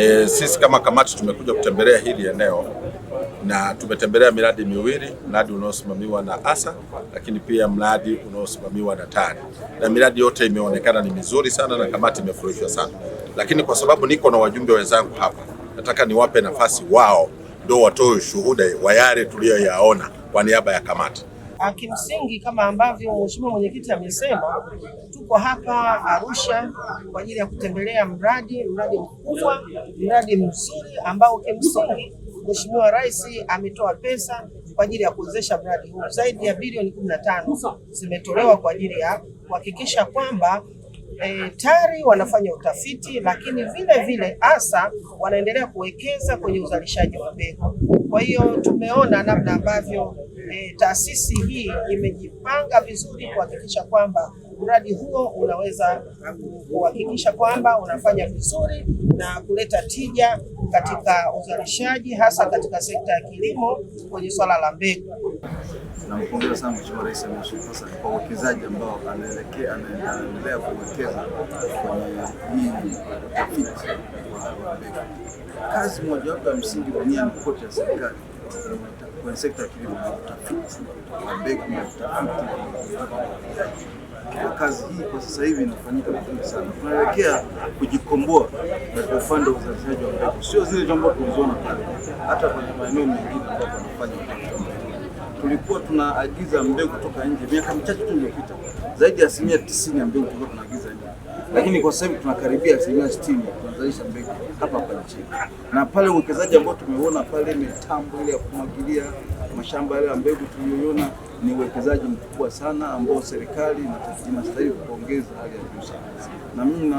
E, sisi kama kamati tumekuja kutembelea hili eneo na tumetembelea miradi miwili, mradi unaosimamiwa na ASA lakini pia mradi unaosimamiwa na TARI, na miradi yote imeonekana ni mizuri sana na kamati imefurahishwa sana, lakini kwa sababu niko na wajumbe wenzangu hapa, nataka niwape nafasi wao ndio watoe ushuhuda wa yale tuliyoyaona kwa niaba ya kamati. Kimsingi, kama ambavyo mheshimiwa mwenyekiti amesema, tuko hapa Arusha kwa ajili ya kutembelea mradi, mradi mkubwa, mradi mzuri ambao kimsingi Mheshimiwa Rais ametoa pesa kwa ajili ya kuwezesha mradi huu. Zaidi ya bilioni 15 zimetolewa kwa ajili ya kuhakikisha kwamba E, TARI wanafanya utafiti lakini vile vile ASA wanaendelea kuwekeza kwenye uzalishaji wa mbegu. Kwa hiyo tumeona namna ambavyo e, taasisi hii imejipanga vizuri kuhakikisha kwamba mradi huo unaweza kuhakikisha kwamba unafanya vizuri na kuleta tija katika uzalishaji hasa katika sekta ya kilimo kwenye swala la mbegu. Nampongeza sana Mheshimiwa Rais Samia Suluhu Hassan kwa uwekezaji ambao anaelekea anaendelea kuwekeza kwenye hii utafiti wa mbegu. Kazi mojawapo ya msingi duniani kote ya serikali kwenye sekta ya kilimo na utafiti wa mbegu na utafiti na kazi hii kwa sasa hivi inafanyika vizuri sana. Tunaelekea kujikomboa katika upande wa uzalishaji wa mbegu, sio zile jambo tulizoona pale, hata kwenye maeneo mengine ambapo anafanya utafiti wa mbegu tulikuwa tunaagiza mbegu kutoka nje miaka michache tu iliyopita, zaidi ya asilimia tisini ya mbegu tulikuwa tunaagiza nje, lakini kwa sasa hivi tunakaribia asilimia sitini tunazalisha mbegu hapa pale nchini, na pale uwekezaji ambao tumeuona pale mitambo ile ya kumwagilia mashamba yale ya mbegu tuliyoiona ni uwekezaji mkubwa sana ambao serikali inastahili kupongeza hali ya juu sana, na mimi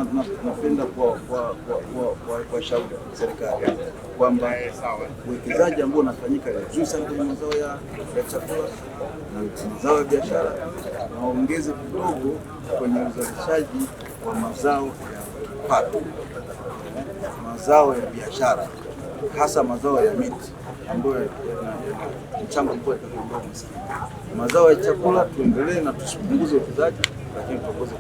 napenda kuwashauri serikali kwamba uwekezaji ambao unafanyika juu sana kwenye mazao ya chakula na mazao ya biashara naongeze kidogo kwenye uzalishaji wa mazao ya pato mazao ya biashara hasa mazao ya miti ambayo mchango mkubwa mazao ya chakula, tuendelee na tusipunguze uwekezaji, lakini tuongeze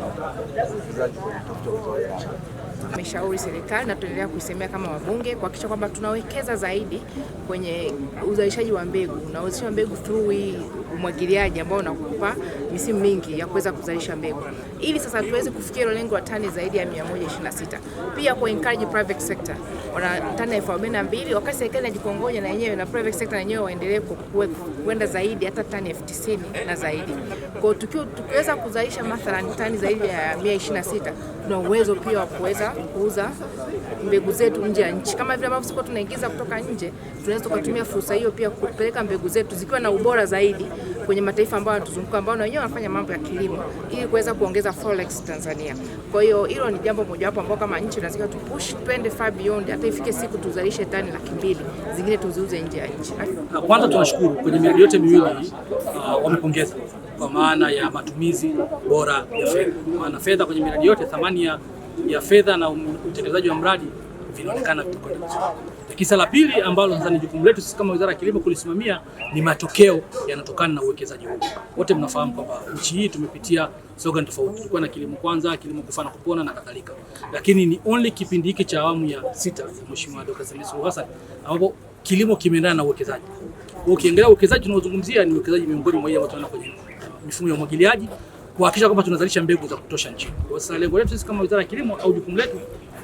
uwekezaji kwenye kutafuta mazao ya biashara. Tumeshauri serikali na tuendelea kuisemea kama wabunge kuhakikisha kwamba tunawekeza zaidi kwenye uzalishaji wa mbegu na uzalishaji wa mbegu through umwagiliaji ambao unakupa misimu mingi ya kuweza kuzalisha mbegu, ili sasa tuweze kufikia ile lengo la tani zaidi ya 126. Pia kwa encourage private sector wana tani elfu arobaini na mbili wakati serikali inajikongoja na yenyewe na private sector na yenyewe waendelee kwenda zaidi hata tani elfu tisini na zaidi. Kwa tukiweza kuzalisha mathalan tani zaidi ya 126 tuna uwezo pia wa kuweza kuuza mbegu zetu nje ya nchi, kama vile ambavyo sikuwa tunaingiza kutoka nje, tunaweza tukatumia fursa hiyo pia kupeleka mbegu zetu zikiwa na ubora zaidi kwenye mataifa ambayo yanatuzunguka ambao na wenyewe wanafanya mambo ya kilimo ili kuweza kuongeza forex Tanzania. Kwa hiyo hilo ni jambo mojawapo ambao kama nchi tunatakiwa tupush, pende far beyond, hata ifike siku tuzalishe tani laki mbili zingine tuziuze nje ya nchi. Ah, kwanza tunashukuru kwenye miradi yote miwili uh, wamepongeza kwa maana ya matumizi bora ya fedha, kwa maana fedha kwenye miradi yote thamani ya ya fedha na um-, utekelezaji wa mradi vinaonekana vimekwenda vizuri. Kisa la pili ambalo nadhani jukumu letu sisi kama Wizara ya Kilimo kulisimamia ni matokeo yanatokana na uwekezaji huu. Wote mnafahamu kwamba nchi hii tumepitia slogan tofauti, tulikuwa na kilimo kwanza, kilimo kufaa na kupona na kadhalika, lakini ni only kipindi hiki cha awamu ya sita ya Mheshimiwa Dkt. Samia Suluhu Hassan ambapo kilimo kimeendana na uwekezaji. Ukiangalia uwekezaji tunaozungumzia ni uwekezaji miongoni mwa ile watu kwenye mifumo ya umwagiliaji kuhakikisha kwamba tunazalisha mbegu za kutosha nchini. Kwa sasa lengo letu sisi kama Wizara ya Kilimo au jukumu letu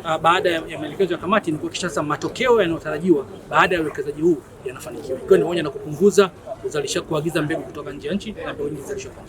uh, baada ya, ya maelekezo ya kamati ni kuhakikisha sasa matokeo yanayotarajiwa baada ya uwekezaji huu yanafanikiwa, ikiwa ni pamoja na kupunguza uzalishaji, kuagiza mbegu kutoka nje ya nchi na mbegu nyingi